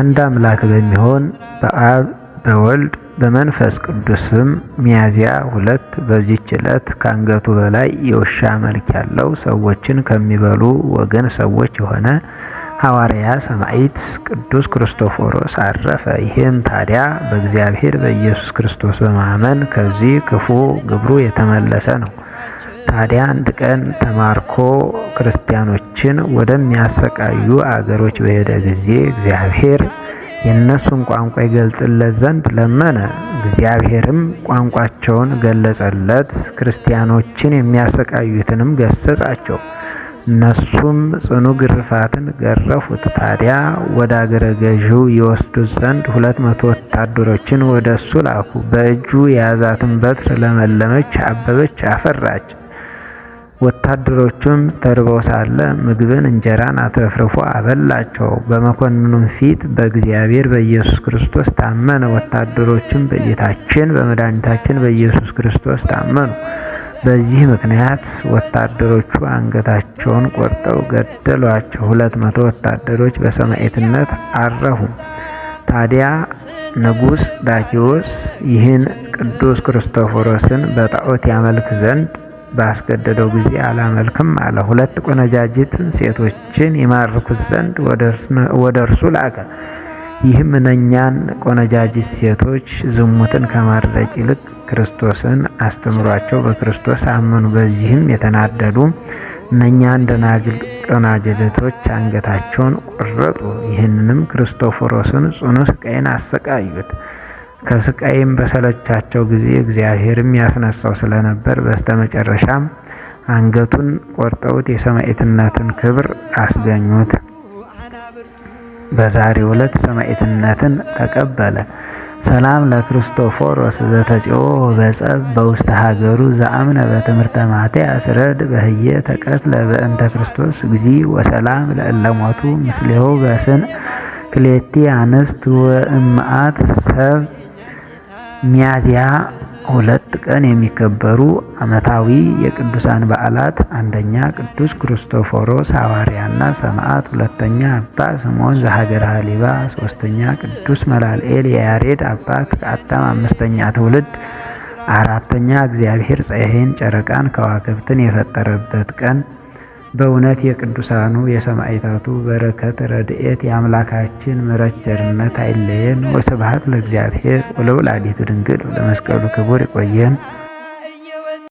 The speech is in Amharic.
አንድ አምላክ በሚሆን በአብ በወልድ በመንፈስ ቅዱስም ሚያዝያ ሁለት በዚች ዕለት ከአንገቱ በላይ የውሻ መልክ ያለው ሰዎችን ከሚበሉ ወገን ሰዎች የሆነ ሐዋርያ ሰማዕት ቅዱስ ክርስቶፎሮስ አረፈ። ይህም ታዲያ በእግዚአብሔር በኢየሱስ ክርስቶስ በማመን ከዚህ ክፉ ግብሩ የተመለሰ ነው። ታዲያ አንድ ቀን ተማርኮ ክርስቲያኖችን ወደሚያሰቃዩ አገሮች በሄደ ጊዜ እግዚአብሔር የእነሱን ቋንቋ ይገልጽለት ዘንድ ለመነ። እግዚአብሔርም ቋንቋቸውን ገለጸለት፣ ክርስቲያኖችን የሚያሰቃዩትንም ገሰጻቸው። እነሱም ጽኑ ግርፋትን ገረፉት። ታዲያ ወደ አገረ ገዢው ይወስዱት ዘንድ ሁለት መቶ ወታደሮችን ወደ እሱ ላኩ። በእጁ የያዛትን በትር ለመለመች፣ አበበች፣ አፈራች። ወታደሮቹም ተርበው ሳለ ምግብን እንጀራን አትረፍርፎ አበላቸው። በመኮንኑም ፊት በእግዚአብሔር በኢየሱስ ክርስቶስ ታመነ። ወታደሮቹም በጌታችን በመድኃኒታችን በኢየሱስ ክርስቶስ ታመኑ። በዚህ ምክንያት ወታደሮቹ አንገታቸውን ቆርጠው ገደሏቸው። ሁለት መቶ ወታደሮች በሰማዕትነት አረፉ። ታዲያ ንጉሥ ዳኪዎስ ይህን ቅዱስ ክርስቶፎሮስን በጣዖት ያመልክ ዘንድ ባስገደደው ጊዜ አላመልክም አለ። ሁለት ቆነጃጅት ሴቶችን ይማርኩት ዘንድ ወደ እርሱ ላከ። ይህም እነኛን ቆነጃጅት ሴቶች ዝሙትን ከማድረግ ይልቅ ክርስቶስን አስተምሯቸው በክርስቶስ አመኑ። በዚህም የተናደዱ እነኛን ደናግል ቆነጃጅቶች አንገታቸውን ቆረጡ። ይህንንም ክርስቶፎሮስን ጽኑ ስቃይን አሰቃዩት። ከስቃይም በሰለቻቸው ጊዜ እግዚአብሔርም ያስነሳው ስለነበር በስተመጨረሻም አንገቱን ቆርጠውት የሰማዕትነትን ክብር አስገኙት። በዛሬ ዕለት ሰማዕትነትን ተቀበለ። ሰላም ለክርስቶፎሮስ ዘተጽኦ በጸብ በውስተ ሀገሩ ዘአምነ በትምህርተ ማቴ አስረድ በህየ ተቀትለ በእንተ ክርስቶስ እግዚ ወሰላም ለእለሞቱ ምስሌው በስን ክሌቲ አንስት ወእምአት ሰብ ሚያዝያ ሁለት ቀን የሚከበሩ ዓመታዊ የቅዱሳን በዓላት አንደኛ ቅዱስ ክርስቶፎሮስ ሐዋርያና ሰማዕት፣ ሁለተኛ አባ ስምዖን ዘሀገረ ሀሊባ፣ ሶስተኛ ቅዱስ መላልኤል የያሬድ አባት ከአዳም፣ አምስተኛ ትውልድ፣ አራተኛ እግዚአብሔር ፀሐይን ጨረቃን ከዋክብትን የፈጠረበት ቀን በእውነት የቅዱሳኑ የሰማዕታቱ በረከት ረድኤት፣ የአምላካችን ምሕረት ቸርነት አይለየን። ወስብሐት ለእግዚአብሔር ወለወላዲቱ ድንግል ለመስቀሉ ክቡር። ይቆየን።